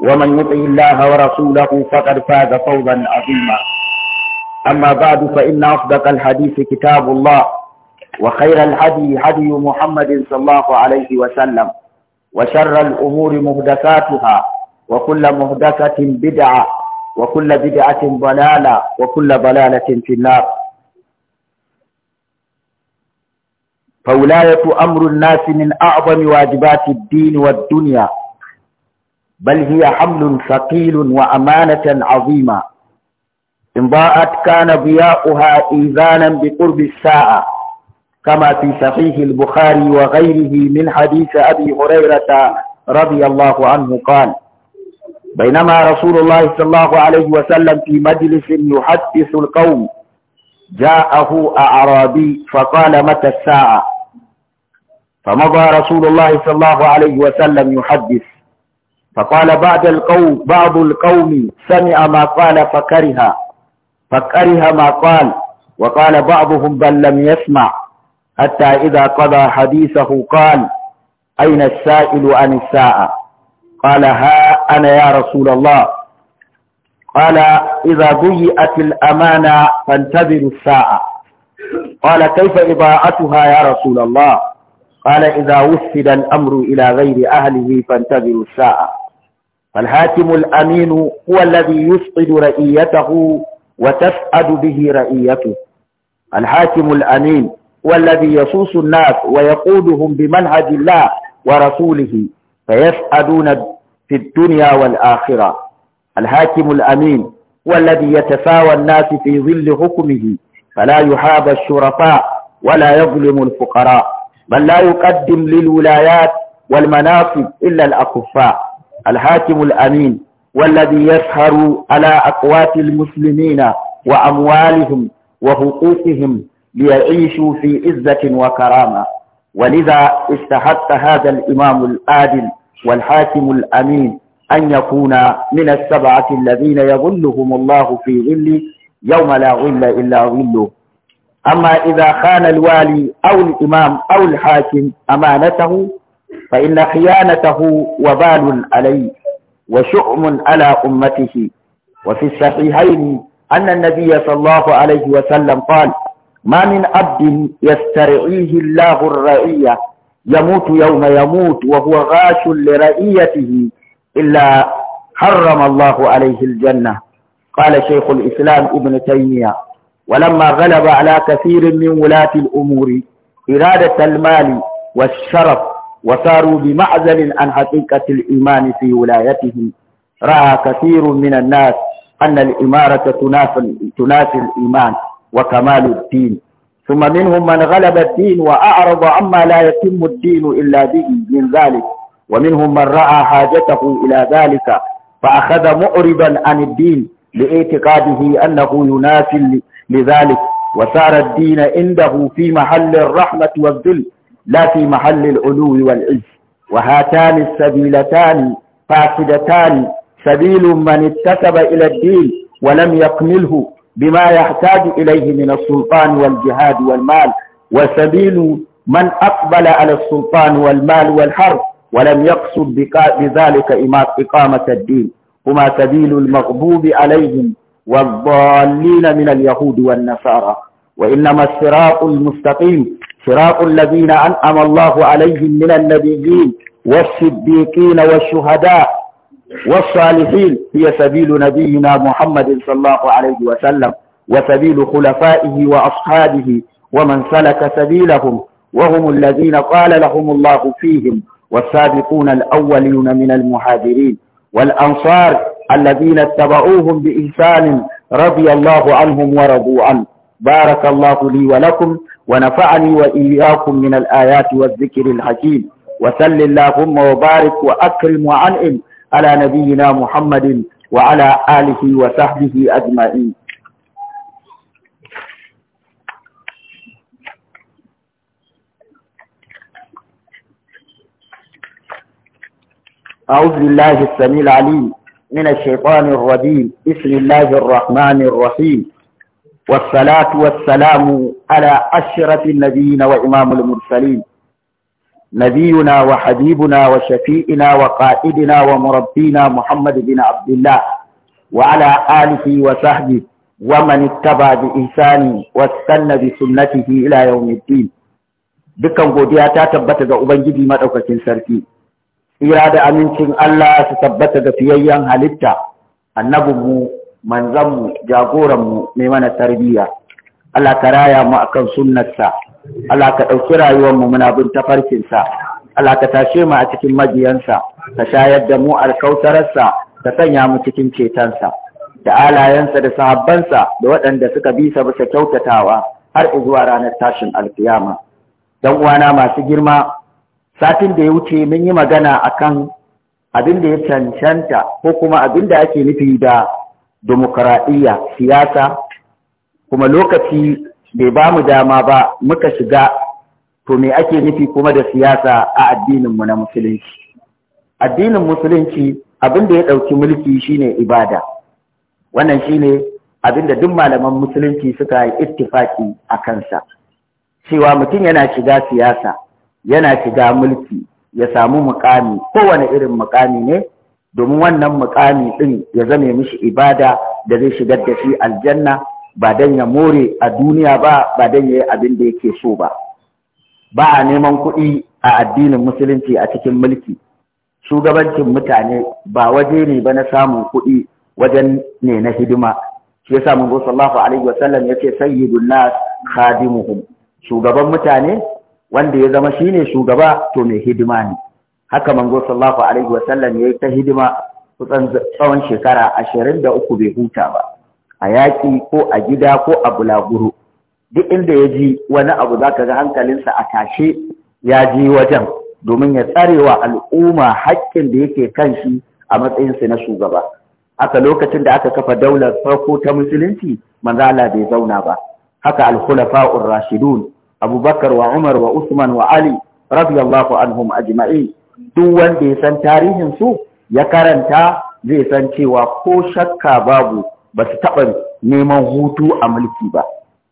ومن يطع الله ورسوله فقد فاز فوزا عظيما أما بعد فإن أصدق الحديث كتاب الله وخير الهدي هدي محمد صلى الله عليه وسلم وشر الأمور مهدساتها وكل مهدسة بدعة وكل بدعة ضلالة وكل ضلالة في النار فولاية أمر الناس من أعظم واجبات الدين والدنيا بل هي حمل ثقيل وأمانة عظيمة إن ضاءت كان ضياؤها إيذانا بقرب الساعة كما في صحيح البخاري وغيره من حديث أبي هريرة رضي الله عنه قال بينما رسول الله صلى الله عليه وسلم في مجلس يحدث القوم جاءه أعرابي فقال متى الساعة فمضى رسول الله صلى الله عليه وسلم يحدث فقال بعد القوم بعض القوم سمع ما قال فكره فكره ما قال وقال بعضهم بل لم يسمع حتى إذا قضى حديثه قال أين السائل عن الساعة قال ها أنا يا رسول الله قال إذا ضيئت الأمانة فانتظروا الساعة قال كيف إضاعتها يا رسول الله قال إذا وسد الأمر إلى غير أهله فانتظروا الساعة فالحاكم الأمين هو الذي يفقد رئيته وتفقد به رئيته الحاكم الأمين هو الذي يصوص الناس ويقودهم بمنهج الله ورسوله فيفقدون في الدنيا والآخرة الحاكم الأمين هو الذي يتساوى الناس في ظل حكمه فلا يحاب الشرفاء ولا يظلم الفقراء بل لا يقدم للولايات والمناصب إلا الأكفاء الحاكم الأمين والذي يسهر على أقوات المسلمين وأموالهم وحقوقهم ليعيشوا في عزة وكرامة ولذا استحق هذا الإمام العادل والحاكم الأمين أن يكون من السبعة الذين يظلهم الله في ظله يوم لا ظل إلا ظله أما إذا خان الوالي أو الإمام أو الحاكم أمانته فإن خيانته وبال عليه وشؤم على أمته وفي الصحيحين أن النبي صلى الله عليه وسلم قال ما من عبد يسترعيه الله الرعية يموت يوم يموت وهو غاش لرعيته إلا حرم الله عليه الجنة قال شيخ الإسلام ابن تيمية ولما غلب على كثير من ولاة الأمور إرادة المال والشرف وصاروا بمعزل عن حقيقة الإيمان في ولايتهم رأى كثير من الناس أن الإمارة تنافي الإيمان وكمال الدين ثم منهم من غلب الدين وأعرض عما لا يتم الدين إلا به من ذلك ومنهم من رأى حاجته إلى ذلك فأخذ معرضا عن الدين لإعتقاده أنه ينافي لذلك وصار الدين عنده في محل الرحمة والذل لا في محل العلو والعز وهاتان السبيلتان فاسدتان سبيل من اتسب إلى الدين ولم يقمله بما يحتاج إليه من السلطان والجهاد والمال وسبيل من أقبل على السلطان والمال والحرب ولم يقصد بذلك إقامة الدين هما سبيل المغضوب عليهم والضالين من اليهود والنصارى وإنما الصراط المستقيم صراط الذين أنعم الله عليهم من النبيين والصديقين والشهداء والصالحين هي سبيل نبينا محمد صلى الله عليه وسلم وسبيل خلفائه وأصحابه ومن سلك سبيلهم وهم الذين قال لهم الله فيهم والسابقون الأولين من المهاجرين والأنصار الذين اتبعوهم بإنسان رضي الله عنهم ورضوا عنه بارك الله لي ولكم ونفعني وإياكم من الآيات والذكر الحكيم وسل اللهم وبارك وأكرم وعنئم على نبينا محمد وعلى آله وصحبه أجمعين أعوذ بالله السميع العليم من الشيطان الرجيم بسم الله الرحمن الرحيم والصلاة والسلام على أشرف النبيين وإمام المرسلين نبينا وحبيبنا وشفيئنا وقائدنا ومربينا محمد بن عبد الله وعلى آله وصحبه ومن اتبع بإحسان واستنى بسنته إلى يوم الدين dukkan godiya ta tabbata ga Ubangiji maɗaukakin sarki, tsira da amincin Allah su tabbata ga fiyayyen halitta, annabinmu manzanmu jagoranmu mai mana tarbiyya Allah ka raya mu akan sunnarsa Allah ka ɗauki mu muna bin tafarkinsa Allah ka tashe mu a cikin majiyansa ka shayar da mu alkautararsa ka sanya mu cikin cetonsa da alayensa da sahabbansa da waɗanda suka bi sa bisa kyautatawa har zuwa ranar tashin alkiyama dan uwana masu girma satin da ya wuce mun yi magana akan abin da ya cancanta ko kuma abin da ake nufi da demokaraɗiyya siyasa kuma lokaci bai ba mu dama ba muka shiga to me ake nufi kuma da siyasa a addininmu na musulunci addinin musulunci abin da ya ɗauki mulki shine ibada wannan shine abin da duk malaman musulunci suka yi ittifaki a kansa cewa mutum yana shiga siyasa yana shiga mulki ya samu mukami kowane irin mukami ne domin wannan mukami ɗin ya zame mishi ibada da zai shigar da shi aljanna ba don ya more a duniya ba ba don ya yi abin da yake so ba ba a neman kuɗi a addinin musulunci a cikin mulki shugabancin mutane ba waje ne ba na samun kuɗi wajen ne na hidima shi yasa mun go sallallahu alaihi wa sallam yace sayyidun nas khadimuhum shugaban mutane wanda ya zama shine shugaba to mai hidima ne haka manzo sallallahu alaihi wasallam yayi ta hidima kusan tsawon shekara ashirin da uku bai huta ba a yaƙi ko a gida ko a bulaguro duk inda ya ji wani abu za ka ga hankalinsa a tashe ya ji wajen domin ya tsarewa al'umma haƙƙin da yake kan shi a matsayinsa na shugaba Haka lokacin da aka kafa daular farko ta musulunci manzala bai zauna ba haka al-khulafa'ur rashidun abubakar wa umar wa usman wa ali radiyallahu anhum ajma'in duk wanda ya san tarihin su ya karanta zai san cewa ko shakka babu ba su taɓa neman hutu a mulki ba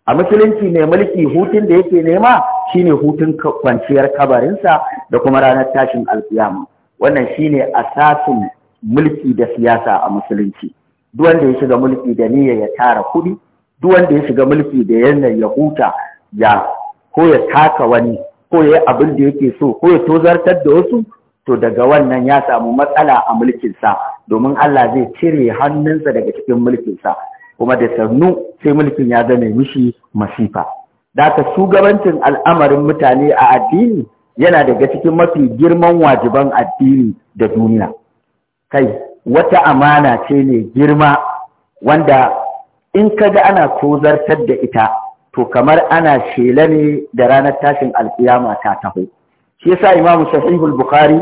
a musulunci mai mulki hutun da yake nema shine hutun kwanciyar kabarinsa da kuma ranar tashin alkiyama wannan shine asasin mulki da siyasa a musulunci duk wanda ya shiga mulki da niyya ya tara kuɗi duk wanda ya shiga mulki da yanayi ya huta ya ko ya taka wani ko ya yi abin da yake so ko ya tozartar da wasu to daga wannan ya samu matsala a mulkinsa domin Allah zai cire hannunsa daga cikin mulkinsa kuma da sannu sai mulkin ya zama mishi masifa da shugabancin al'amarin mutane a addini yana daga cikin mafi girman wajiban addini da duniya kai wata amana ce ne girma wanda in kaga ana kozartar da ita to kamar ana shela ne da ranar tashin al’iyama ta taho shi yasa imam sahihul bukhari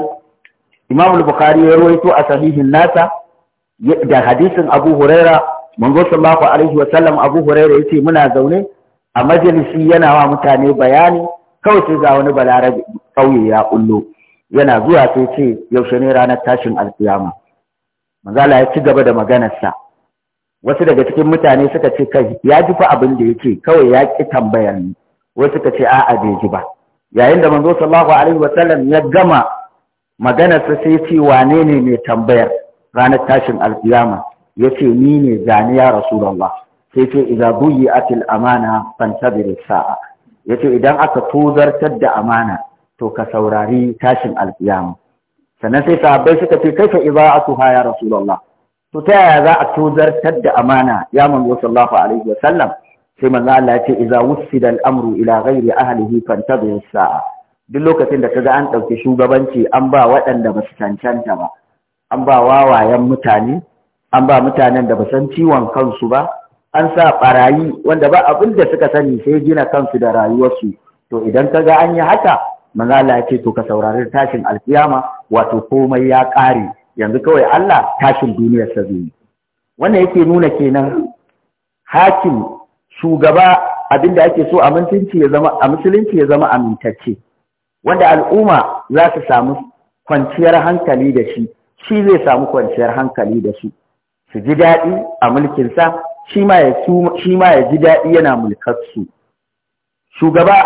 imam al-bukhari ya rawaito a sahihin nasa da hadisin abu huraira manzo sallallahu alaihi wa sallam abu huraira yace muna zaune a majalisi yana wa mutane bayani kawai sai ga wani balarabe kauye ya kullo yana zuwa sai ce yaushe ne ranar tashin alkiyama manzo Allah ya ci gaba da maganarsa wasu daga cikin mutane suka ce kai ya ji fa abin da yake kawai ya ki tambayar ni wasu suka ce a'a bai ji ba yayin da manzo sallallahu alaihi wa sallam ya gama maganarsa sai ce wane ne mai tambayar ranar tashin alkiyama ya ce ni ne zani ya rasulallah sai ce idan buyi atil amana fantabir sa'a ya ce idan aka tozartar da amana to ka saurari tashin alkiyama sannan sai sahabbai suka ce kaifa idza'atuha ya rasulallah to ta yaya za a tozartar da amana ya manzo sallallahu alaihi sallam. sai manzo Allah ya ce idza wussida al-amru ila ghairi ahlihi fantabir sa'a duk lokacin da kaga an ɗauki shugabanci an ba waɗanda ba su cancanta ba an ba wawayen mutane an ba mutanen da ba san ciwon kansu ba an sa ɓarayi wanda ba abin da suka sani sai gina kansu da rayuwarsu to idan kaga an yi haka manzala ya ce to ka saurari tashin alkiyama wato komai ya ƙare yanzu kawai Allah tashin duniyar sa zai wannan yake nuna kenan hakim shugaba abinda ake so a musulunci ya zama amintacce wanda al'umma za su samu kwanciyar hankali da shi shi zai samu kwanciyar hankali da shi su ji daɗi a mulkinsa shi ma ya ji daɗi yana mulkarsu shugaba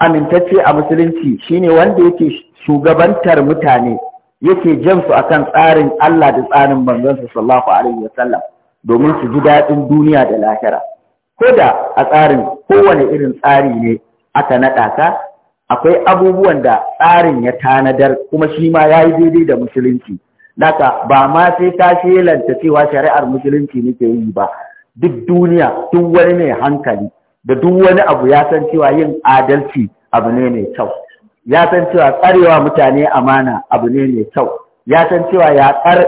amintacce a musulunci shine wanda yake shugabantar mutane yake jansu akan tsarin Allah da tsarin manzansa sallallahu alaihi wasallam domin su ji daɗin duniya da lahira ko da a tsarin kowane irin tsari ne aka naɗa ka akwai abubuwan da tsarin ya tanadar kuma shi ma ya yi daidai da musulunci naka ba ma sai ka shelanta cewa shari'ar musulunci nake yi ba duk duniya duk wani mai hankali da duk wani abu ya san cewa yin adalci abu ne mai kyau ya san cewa tsarewa mutane amana abu ne mai kyau ya san cewa yaƙar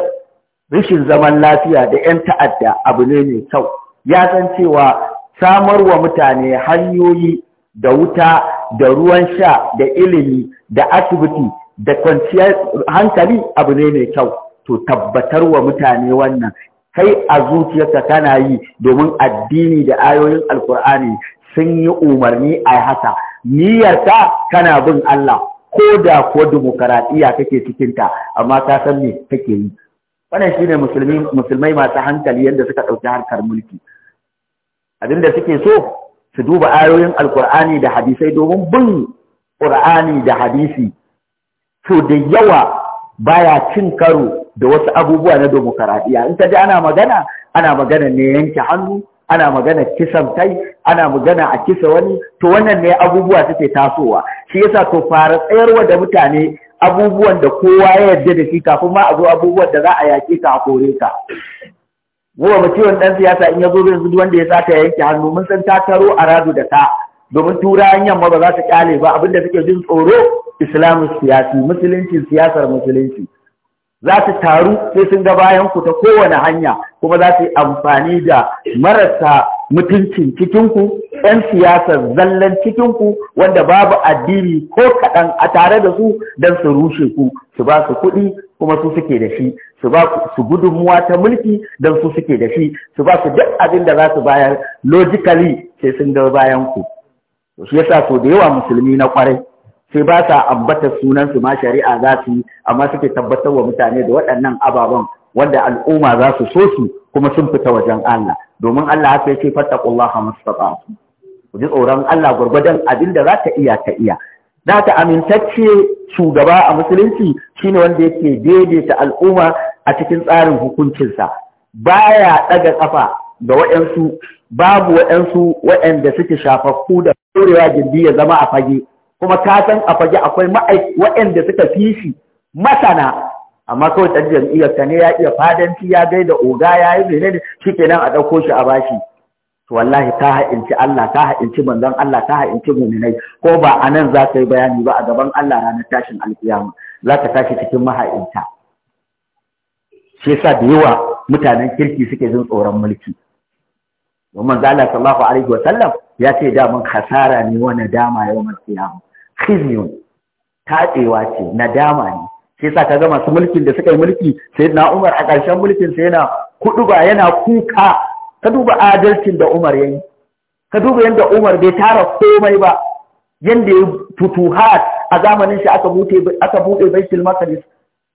rashin zaman lafiya da 'yan ta'adda abu ne mai kyau ya san cewa samarwa mutane hanyoyi da wuta da ruwan sha da ilimi da asibiti da kwanciyar hankali abu ne mai kyau to tabbatar wa mutane wannan kai a zuciyarka kana yi domin addini da ayoyin alkur'ani sun yi umarni a haka niyyarta kana bin Allah ko da ko dimokuraɗiyya kake cikinta amma ka san me kake yi wannan shine musulmi musulmai masu hankali yadda suka ɗauki harkar mulki abinda suke so su duba ayoyin alkur'ani da hadisai domin bin ƙur'ani da hadisi to da yawa baya cin karo da wasu abubuwa na demokaradiyya in ka ji ana magana ana magana ne yanke hannu ana magana kisan kai ana magana a kisa wani to wannan ne abubuwa suke tasowa shi yasa to fara tsayarwa da mutane abubuwan da kowa ya yarda da shi kafin ma a zo abubuwan da za a yaƙi ka a kore ka gowa ciwon ɗan siyasa in ya zo zai duk wanda ya sata ya yanke hannu mun san ta taro a radu da ta domin turawan yamma ba za ta kyale ba abinda suke jin tsoro islamu siyasi musulunci siyasar musulunci za su taru sai sun ga bayan ku ta kowane hanya kuma za su yi amfani da marasa mutuncin cikinku ‘yan siyasar zallan cikinku wanda babu addini ko kaɗan a tare da su don su rushe ku su ba su kuɗi kuma su suke da shi su ba su gudunmuwa ta mulki don su suke da shi su ba su duk abin da za su bayar logically sai sun ga bayan ku shi yasa sau da yawa musulmi na kwarai sai ba sa ambata sunansu ma shari'a za su yi amma suke tabbatar wa mutane da waɗannan ababen wanda al'umma za su so su kuma sun fita wajen Allah domin Allah haka yake fattaqullaha mastata'tu ku ji tsoron Allah gurgurdan abin da za ta iya ta iya za ta amintacce shugaba a musulunci shine wanda yake daidaita al'umma a cikin tsarin hukuncinsa baya ɗaga ƙafa ga waɗansu babu waɗansu waɗanda suke shafaffu da ɗorewa gindi ya zama a fage kuma ka san a fage akwai waɗanda suka fi shi masana amma kawai ɗan jam'iyyar ta ne ya iya fadanci ya gai da oga ya yi mene ne shi nan a ɗauko shi a bashi to wallahi ka ha'inci Allah ka ha'inci manzon Allah ka ha'inci muminai ko ba a nan za ka yi bayani ba a gaban Allah ranar tashin alkiyama za ka tashi cikin maha'inta shi yasa da yawa mutanen kirki suke jin tsoron mulki domin zala sallallahu alaihi wa sallam ya ce da mun hasara ne wa nadama yawmal qiyamah khizyun tatsewa ce na dama ne sai sa kaga masu mulkin da suka yi mulki sai na Umar a ƙarshen mulkin sai yana kudu ba yana kuka ka duba adalcin da Umar yayi ka duba yanda Umar bai tara komai ba yanda ya futuhat a zamanin shi aka buɗe aka bude Baitul Maqdis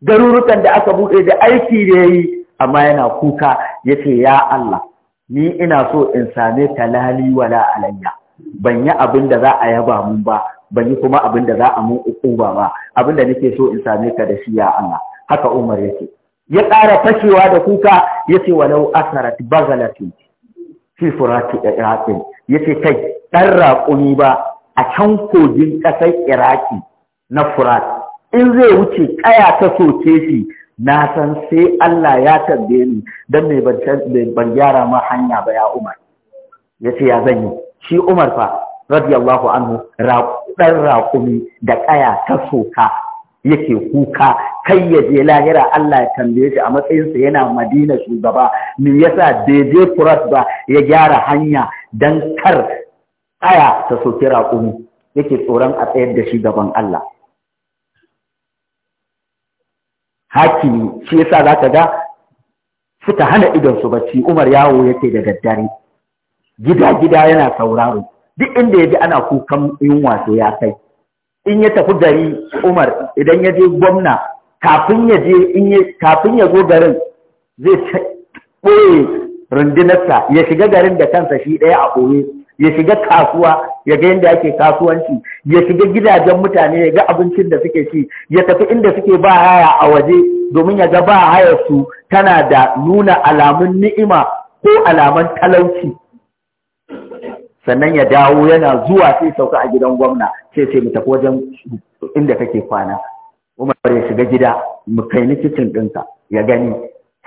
garurukan da aka buɗe da aiki da yayi amma yana kuka yace ya Allah ni ina so in same talali wala alayya ban yi abin da za a yaba mun ba ban yi kuma abin da za a mun ukuba ba abin da nake so in same ka da shi ya Allah haka Umar yake ya ƙara fashewa da kuka yace walau asarat bagalati fi furati iraqi yace kai dan raƙumi ba a can kogin ƙasar iraki na furat in zai wuce ƙaya ta soke shi na san sai Allah ya tambaye ni dan mai ban gyara ma hanya ba ya Umar ya ya zanyi. shi Umar fa radiyallahu anhu ɗan raƙumi da ƙaya ta soka yake kuka kai ya je lahira Allah ya tambaye shi a matsayinsa yana madina shugaba me yasa daidai je ba ya gyara hanya dan kar ƙaya ta soki raƙumi yake tsoron a tsayar da shi gaban Allah hakimi shi yasa zaka ga suka hana idon su bacci Umar yawo yake da daddare gida gida yana sauraro duk inda ya ji ana kukan yin wato ya kai in ya tafi gari Umar idan ya je gwamna kafin ya je kafin ya zo garin zai ɓoye rundunarsa ya shiga garin da kansa shi ɗaya a ɓoye ya shiga kasuwa ya ga yadda ake kasuwanci ya shiga gidajen mutane ya ga abincin da suke ci ya tafi inda suke ba haya a waje domin ya ga ba hayar su tana da nuna alamun ni'ima ko alaman talauci sannan ya dawo yana zuwa sai sauka a gidan gwamna sai sai mu tafi wajen inda kake kwana Umar ya shiga gida mu kai ni kicin dinka ya gani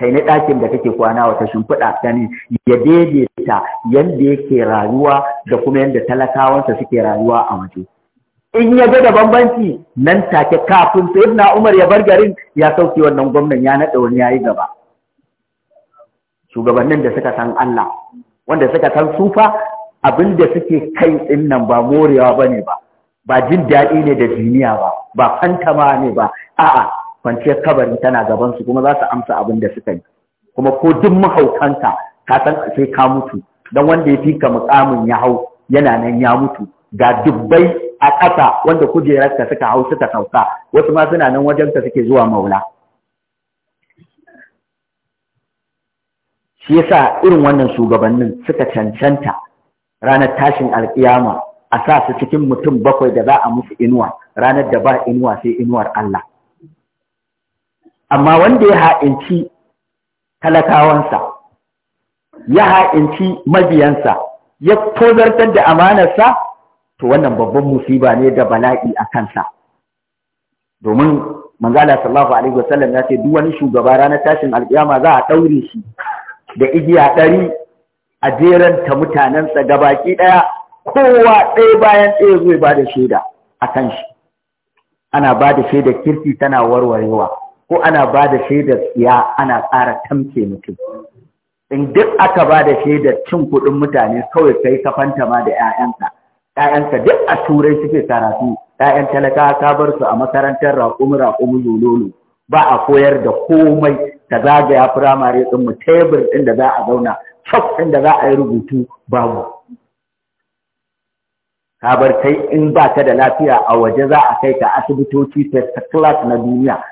kai ni ɗakin da kake kwana wata shimfiɗa gani ya daidaita yadda yake rayuwa da kuma yadda talakawansa suke rayuwa a waje in ya ga da bambanci nan take kafin sai na Umar ya bar garin ya sauke wannan gwamnan ya naɗa wani yi gaba shugabannin da suka san Allah wanda suka san sufa abin da suke kai ɗin nan ba morewa ba ne ba ba jin daɗi ne da duniya ba ba fantama ne ba a'a kwanciyar kabarin tana gaban su kuma za su amsa abin da suka yi kuma ko duk mahaukanka ka san sai ka mutu dan wanda ya fi ka mukamin ya hau yana nan ya mutu ga dubbai a ƙasa wanda kujerarka suka hau suka sauka wasu ma suna nan wajenka suke zuwa maula shi yasa irin wannan shugabannin suka cancanta ranar tashin alƙiyama a sa su cikin mutum bakwai da za a musu inuwa ranar da ba inuwa sai inuwar Allah amma wanda ya ha'inci talakawansa ya ha'inci mabiyansa ya tozartar da amanarsa to wannan babban musiba ne da bala'i a kansa domin manzala sallallahu alaihi wasallam ya ce duk wani shugaba ranar tashin alkiyama za a ɗaure shi da igiya ɗari a jeranta mutanensa baki ɗaya kowa ɗaya bayan ɗaya zai bada da shaida a kan shi ana ba da shaidar kirki tana warwarewa ko ana ba da shaidar tsiya ana ƙara tamke mutum in duk aka ba da shaidar cin kuɗin mutane kawai kai kafanta ma da ƴaƴanka ƴaƴanka duk a turai suke karatu ‘ya'yan talakawa ka bar su a makarantar raƙumi raƙumi lololo ba a koyar da komai ta zagaya firamare ɗin mu tebur ɗin da za a zauna cok ɗin da za a yi rubutu babu ka bar kai in ba ka da lafiya a waje za a kai ka asibitoci first class na duniya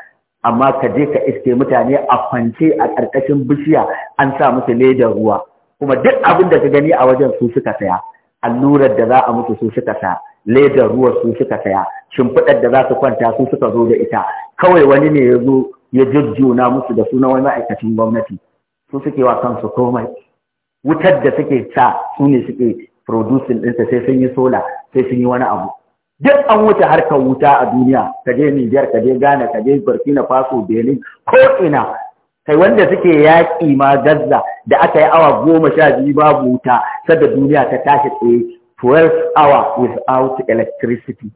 amma ka je ka iske mutane a kwance a ƙarƙashin bishiya an sa musu ledar ruwa kuma duk abin da ka gani a wajen su suka saya allurar da za a mutu su suka saya ledar ruwa su suka saya shimfiɗar da za su kwanta su suka zo da ita kawai wani ne ya zo ya jujjuna musu da suna wani ma'aikacin gwamnati su suke wa kansu komai wutar da suke sa sune suke producing ɗinsa sai sun yi sola sai sun yi wani abu duk an wuce harkar wuta a duniya ka je Nijar ka je Ghana ka je Burkina Faso Benin ko ina kai wanda suke yaƙi ma Gaza da aka yi awa goma sha biyu babu wuta sadda duniya ta tashi tsaye 12 hour without electricity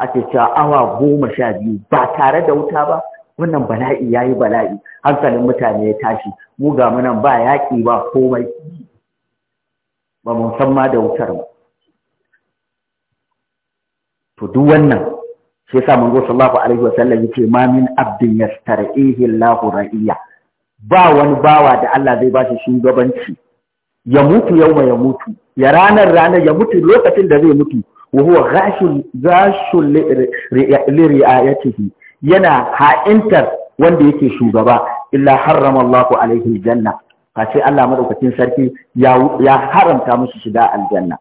ake cewa awa goma sha biyu ba tare da wuta ba wannan bala'i ya yi bala'i hankalin mutane ya tashi mu ga munan ba yaƙi ba komai ba mu san ma da wutar mu to duk wannan shi yasa manzo sallallahu alaihi wasallam yace ma min abdin yastar'ihi Allahu ra'iya ba wani bawa da Allah zai bashi shugabanci ya mutu yauma ya mutu ya ranar ranar ya mutu lokacin da zai mutu wa huwa ghashul ghashul li ri'ayatihi yana ha'intar wanda yake shugaba illa harrama Allahu alaihi aljanna face Allah madaukakin sarki ya haramta musu shiga aljanna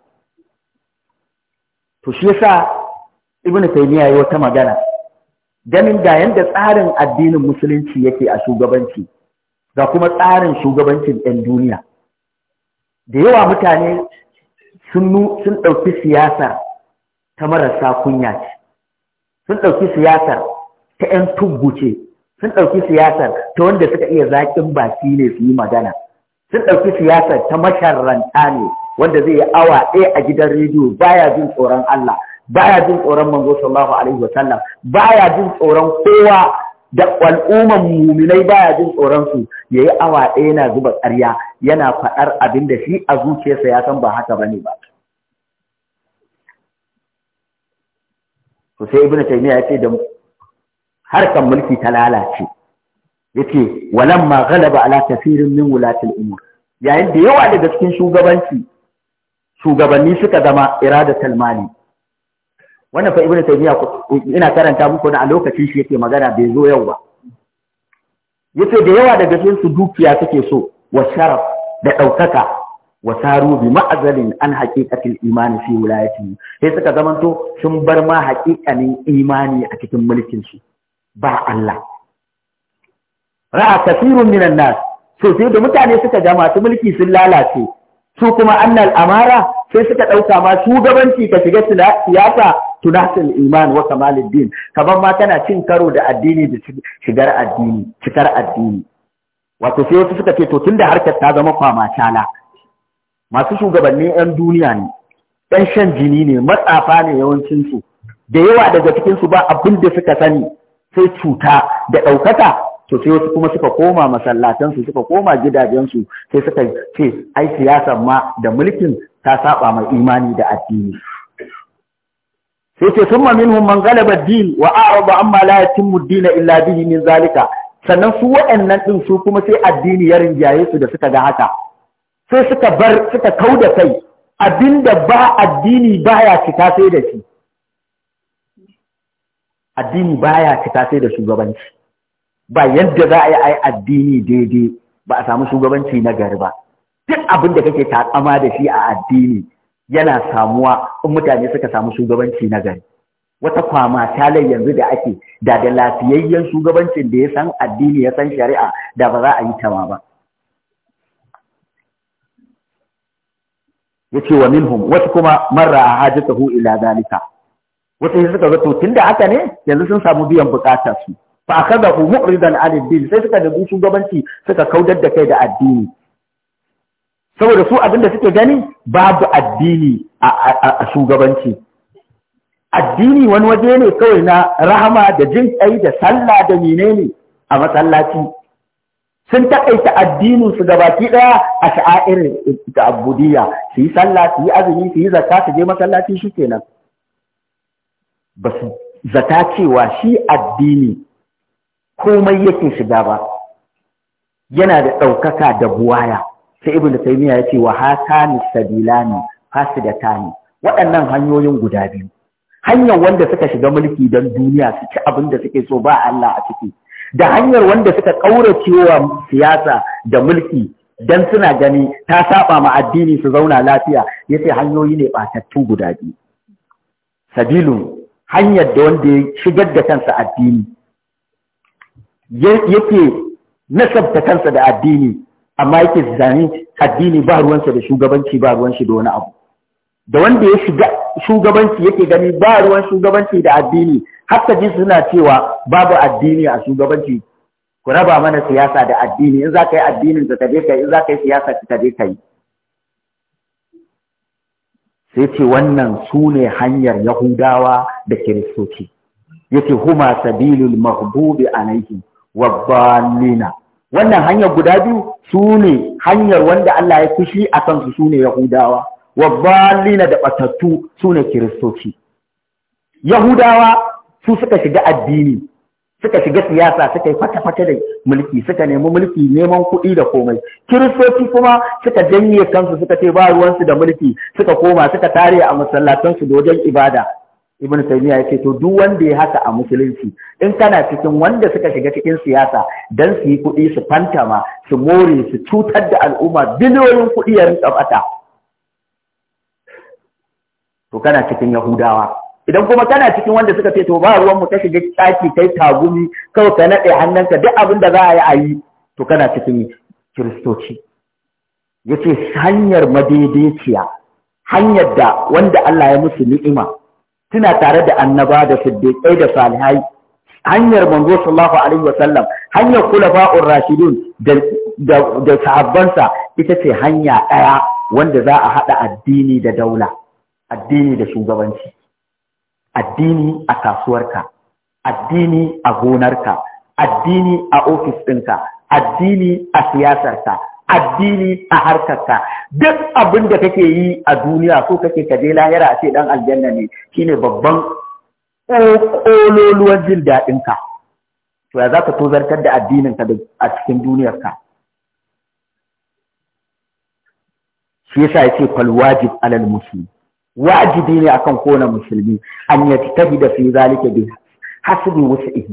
to shi yasa ibnu taymiya yayi wata magana ganin da yanda tsarin addinin musulunci yake a shugabanci ga kuma tsarin shugabancin ɗan duniya da yawa mutane sun ɗauki siyasa ta marasa kunya ce sun ɗauki siyasar ta 'yan tubbuce sun ɗauki siyasar ta wanda suka iya zaƙin baki ne su yi magana sun ɗauki siyasa ta masharranta ne wanda zai yi awa ɗaya a gidan rediyo baya jin tsoron Allah baya jin tsoron manzo sallallahu alaihi wasallam baya jin tsoron kowa da al'umman muminai baya jin tsoron su yayi awa ɗaya yana zuba ƙarya yana faɗar abin da shi a zuciyarsa ya san ba haka bane ba to sai ibnu taymiya ya ce da harkan mulki ta lalace yace walam ma ala kafirin min wulatil umur yayin da yawa daga cikin shugabanci shugabanni suka zama iradatul mali wannan fa ibnu taymiya ina karanta muku na a lokacin shi yake magana bai zo yau ba yace da yawa daga cikin su dukiya suke so wa sharaf da daukaka wa saru bi ma'azalin an haqiqatil imani fi wilayati sai suka zamanto sun bar ma haqiqanin imani a cikin mulkin su ba Allah ra'a kasirun minan nas so da mutane suka ga masu mulki sun lalace su kuma annal amara sai suka ɗauka ma shugabanci ka shiga siyasa tunatul iman wa kamaluddin Kamar kaman ma tana cin karo da addini da shigar addini cikar addini wato sai wasu suka ce to tunda harkar ta zama tala masu shugabanni 'yan duniya ne 'yan shan jini ne matsafa ne yawancinsu da yawa daga cikinsu ba abin da suka sani sai cuta da ɗaukaka to sai wasu kuma suka koma masallatansu suka koma gidajensu sai suka ce ai siyasar ma da mulkin ta saba mai imani da addini sai ce sun ma minhum man galaba din wa a'rada amma la yatimmu ad-din illa bihi min zalika sannan su wa'annan din su kuma sai addini ya rinjaye su da suka ga haka sai suka bar suka kauda kai abinda ba addini baya cika sai da shi addini baya cika sai da shugabanci ba yadda za a yi ai addini daidai ba a samu shugabanci na gari ba duk abin da kake takama da shi a addini yana samuwa in mutane suka samu shugabanci na gari wata kwama talar yanzu da ake da da lafiyayyen shugabancin da ya san addini ya san shari'a da ba za a yi tama ba ce wa minhum wasu kuma marra hajatahu ila zalika wasu suka zato da haka ne yanzu sun samu biyan bukatar su fa akadahu mu'ridan an din sai suka dubi shugabanci suka kaudar da kai da addini saboda su abinda suke gani babu addini a shugabanci addini wani waje ne kawai na rahama da jin kai da sallah da menene a masallaci sun takaita su da baki ɗaya a sha'air da abudiya, su yi sallah su yi azumi su yi zakka su je masallaci shi kenan ba su zata cewa shi addini komai yake shiga ba yana da ɗaukaka da buwaya sai ibnu taymiya yace wa hatani sabilani fasidatani waɗannan hanyoyin guda biyu hanyar wanda suka shiga mulki don duniya su ci abin da suke so ba Allah a ciki da hanyar wanda suka ƙauracewa siyasa da mulki don suna gani ta saba ma addini su zauna lafiya ya ce hanyoyi ne batattu guda biyu sabilun hanyar da wanda ya shigar da kansa addini yake nasabta kansa da addini amma yake zane addini ba ruwansa da shugabanci ba ruwan shi da wani abu da wanda ya shiga shugabanci yake gani ba ruwan shugabanci da addini hatta ji suna cewa babu addini a shugabanci ku raba mana siyasa da addini in za ka yi addinin ka je ka yi in za ka yi siyasa ka je ka yi sai ce wannan su ne hanyar yahudawa da kiristoci yace huma sabilul mahbubi alaihim wabbalina wannan hanyar guda biyu su ne hanyar wanda Allah ya fushi a kansu su ne Yahudawa wabbalina da batattu su ne Kiristoci Yahudawa su suka shiga addini suka shiga siyasa suka yi fata-fata da mulki suka nemi mulki neman kuɗi da komai kiristoci kuma suka janye kansu suka ce ba ruwansu da mulki suka koma suka tare a masallatansu da wajen ibada ibn taymiya yake to duk wanda ya haka a musulunci in kana cikin wanda suka shiga cikin siyasa dan su yi kuɗi su fantama su more su cutar da al'umma biliyoyin kuɗi ya rinka bata to kana cikin yahudawa idan kuma kana cikin wanda suka ce to ba ruwan mu ta shiga tsaki kai tagumi kawai ka naɗe hannunka duk abin da za a yi a yi to kana cikin kiristoci yace hanyar madaidaiciya hanyar da wanda Allah ya musu ni'ima tana tare da annaba da siddiƙai da salihai hanyar manzo sallallahu alaihi wasallam hanyar kulafa'ur rashidun da sahabbansa ita ce hanya ɗaya wanda za a haɗa addini da daula addini da shugabanci addini a kasuwarka addini a gonarka addini a ofis ɗinka addini a siyasarka addini a harkarka duk abin da kake yi a duniya ko kake kaje lahira a ce dan aljanna ne shine babban kololuwan jin daɗin ka to ya zaka tozartar da addinin ka a cikin duniyar ka shi yasa yace fal wajib alal muslim wajibi ne akan kowane musulmi an da fi zalika bi hasbi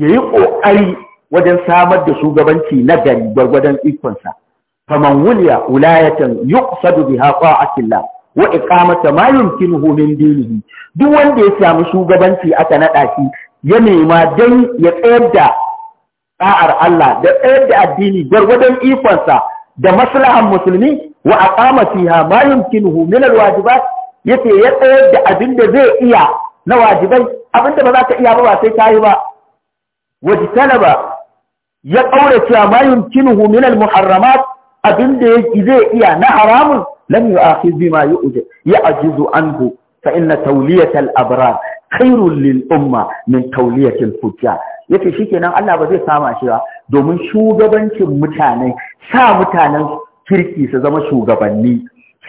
ya yi ƙoƙari wajen samar da shugabanci na gari gwargwadon ikonsa faman wuliya wulayatan yuqsadu biha ta'atillah wa iqamata ma yumkinuhu min dinihi duk wanda ya samu shugabanci aka nada shi ya nema dan ya tsayar da da'ar Allah da tsayar da addini gwargwadon ikonsa da maslahar musulmi wa aqama fiha ma yumkinuhu min alwajibat yace ya tsayar da abin da zai iya na wajibai abin da ba za ka iya ba ba sai kayi ba wajtanaba ya kaurace ma yumkinuhu min abin da yake zai iya na haramun lam yu'akhiz bima yu'jid ya'jizu anhu fa inna tawliyatal abrar khairul lil umma min tawliyatil fujjar yace shikenan Allah ba zai sama shi ba domin shugabancin mutane sa mutanen kirki su zama shugabanni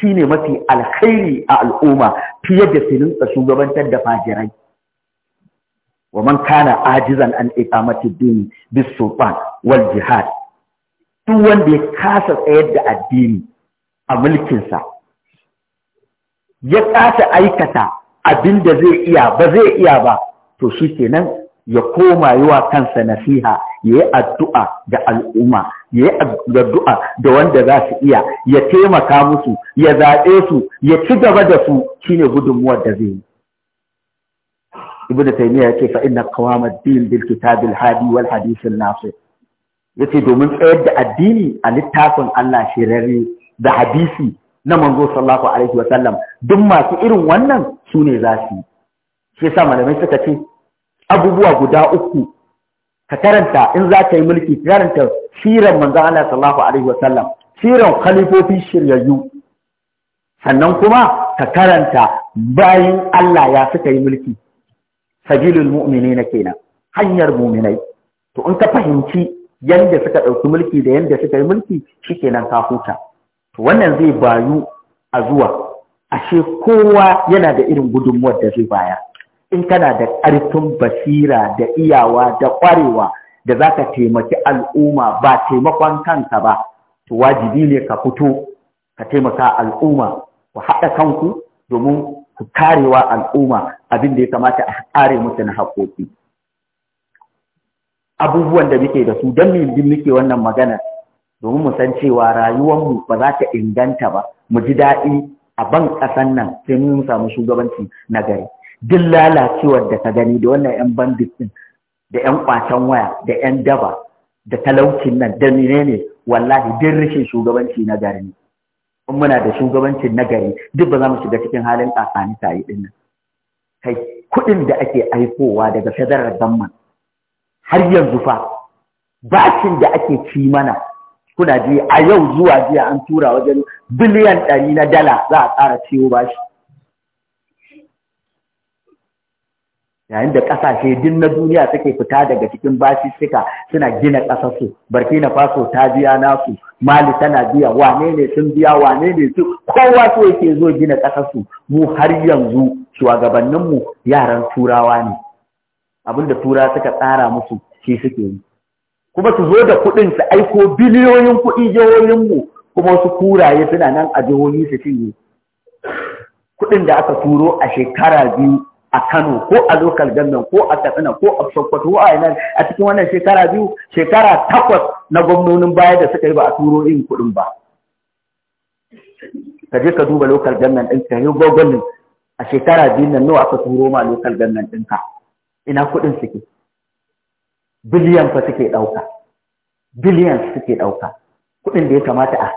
shine mafi alkhairi a al'umma fiye da sinin shugabantar da fajirai wa man kana ajizan an iqamati din bis sultan wal jihad duk wanda ya kasa tsayar da addini a mulkinsa ya kasa aikata abin da zai iya ba zai iya ba to shi kenan ya koma yi wa kansa nasiha ya yi addu'a da al'umma ya yi addu'a da wanda za su iya ya taimaka musu ya zaɓe su ya ci gaba da su shine gudunmuwar da zai yi ibn taymiya yake fa inna qawamad din bil kitab al hadi wal hadith nasir ya ce domin tsayar da addini a littafin Allah shirarri da hadisi na manzo sallallahu alaihi wa sallam duk masu irin wannan su ne za su yi shi yasa malamai suka ce abubuwa guda uku ka karanta in za ka yi mulki ka karanta siran manzon Allah sallallahu alaihi wa sallam siran khalifofin shiryayyu sannan kuma ka karanta bayan Allah ya suka yi mulki sabilul mu'minina kenan hanyar mu'minai to in ka fahimci yanda suka ɗauki mulki da yanda suka yi mulki shikenan ka huta wannan zai bayu a zuwa ashe kowa yana da irin gudunmuwar da zai baya in kana da ƙarfin basira da iyawa da ƙwarewa da za ka taimaki al'umma ba taimakon kanka ba to wajibi ne ka fito ka taimaka al'umma ku haɗa kanku domin ku karewa al'umma abin da ya kamata a ƙare musu na haƙoƙi abubuwan da muke da su don mu muke wannan magana domin mu san cewa rayuwarmu ba za ta inganta ba mu ji daɗi a ban ƙasan nan sai mun samu shugabanci na gari duk lalacewar da ka gani da wannan 'yan bandit ɗin da 'yan kwacen waya da 'yan daba da talaucin nan da ne wallahi duk rashin shugabanci na gari ne in muna da shugabancin na gari duk ba za mu shiga cikin halin ƙasani tayi ɗin nan kai kuɗin da ake aikowa daga federal government har yanzu fa bakin da ake ci mana kuna ji a yau zuwa jiya an tura wajen biliyan ɗari na dala za a ƙara ciwo bashi yayin da ƙasashe duk na duniya suke fita daga cikin bashi suka suna gina ƙasarsu burkina faso ta biya nasu mali tana biya wane ne sun biya wane ne su kowa so yake zo gina ƙasarsu mu har yanzu shugabanninmu yaran turawa ne abinda tura suka tsara musu shi suke yi kuma su zo da kuɗin su aiko biliyoyin kuɗi jihohinmu kuma wasu kuraye suna nan a jihohi su cinye kuɗin da aka turo a shekara biyu a Kano ko a local government ko a Katsina ko a Sokoto ko a ina a cikin wannan shekara biyu shekara takwas na gwamnonin baya da suka yi ba a turo yin kuɗin ba ka je ka duba local government ɗin ka yi gwagwalin a shekara biyu nan nawa aka turo ma local government ɗinka ina kuɗin suke biliyan fa suke ɗauka biliyan suke ɗauka kuɗin da ya kamata a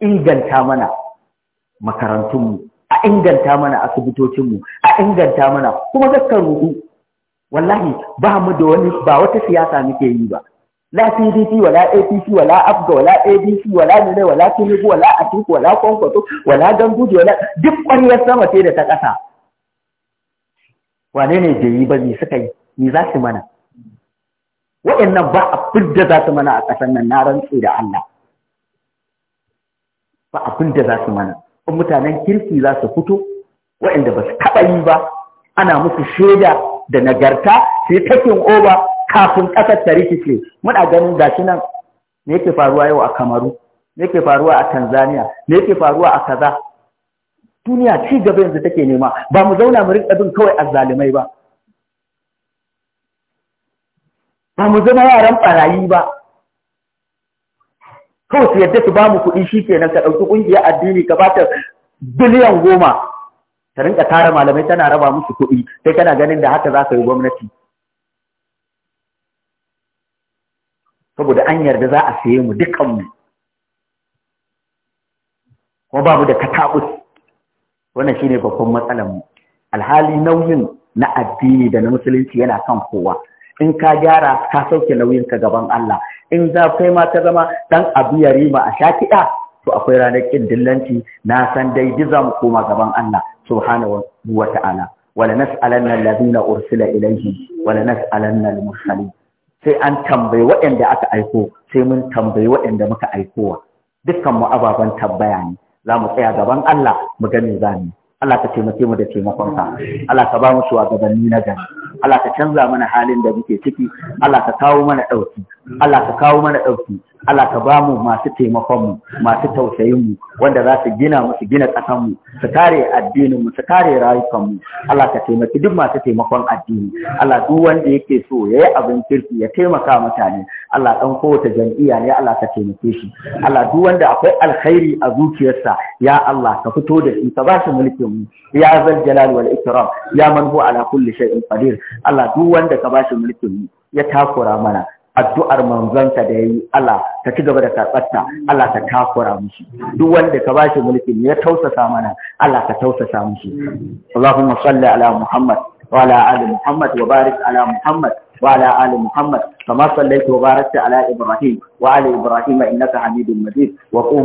inganta mana makarantunmu a inganta mana asibitocinmu a inganta mana kuma gaskar ruɗu wallahi ba mu da wani ba wata siyasa muke yi ba la PDP wala APC wala Afga, wala ADC wala Nile wala Tinubu wala Atiku wala Kwankwato wala Ganguje wala duk ƙwaryar sama ce da ta ƙasa wane ne bai yi ba mai suka yi Ni za su mana waɗannan ba abin da za su mana a ƙasar nan na rantse da Allah ba abin da za su mana in mutanen kirki za su fito waɗanda ba su taɓa yi ba ana musu shaida da nagarta sai takin oba kafin ƙasar ta rikice muna ganin gashi nan me yake faruwa yau a kamaru me yake faruwa a tanzania me yake faruwa a kaza duniya ci gaba yanzu take nema ba mu zauna mu rinka bin kawai azzalumai ba ba mu zama yaran barayi ba kawai su yadda su ba mu kuɗi shi kenan ka ɗauki ƙungiyar addini ka ba ta biliyan goma ta rinka tara malamai tana raba musu kuɗi sai kana ganin da haka za ka yi gwamnati saboda an yarda za a saye mu dukanmu kuma ba mu da katabus wannan shine babban matsalar mu alhali nauyin na addini da na musulunci yana kan kowa in ka gyara ka sauke nauyin ka gaban Allah in za kai ma ta zama dan abu ya rima a shakida to akwai ranar kin dillanci na san dai mu koma gaban Allah subhanahu wa ta'ala wala nas'alanna alladhina ursila ilayhi wala nas'alanna al-mursalin sai an tambayi waɗanda aka aiko sai mun tambayi waɗanda muka aikowa dukkan mu ababan tambaya ne za mu tsaya gaban Allah mu ga za mu Allah ka taimake mu da taimakonka Allah ka ba mu shugabanni na gani. Allah ka canza mana halin da muke ciki Allah ka kawo mana ɗauki Allah ka kawo mana ɗauki Allah ka ba mu masu taimakonmu masu tausayinmu wanda za su gina mu su gina ƙasanmu su kare addininmu su kare rayukanmu Allah ka taimaki duk masu taimakon addini Allah duk wanda yake so ya yi abin kirki ya taimaka mutane Allah ɗan kowace jam'iyya ne Allah ka taimake shi Allah duk wanda akwai alkhairi a zuciyarsa ya Allah ka fito da shi ka ba shi mulkin mu ya zal jalal wal ikram ya man huwa ala kulli shay'in qadir Allah duk wanda ka ba shi mulkin mu ya takura mana addu'ar manzonsa da yi Allah ta ci gaba da karɓarta Allah ta takura mushi duk wanda ka bashi mulkin ya tausasa mana Allah ka tausasa mushi Allahumma salli ala Muhammad wa ala ali Muhammad wa barik ala Muhammad wa ala ali Muhammad kama sallaita wa barakta ala Ibrahim wa ala Ibrahim innaka Hamidum Majid wa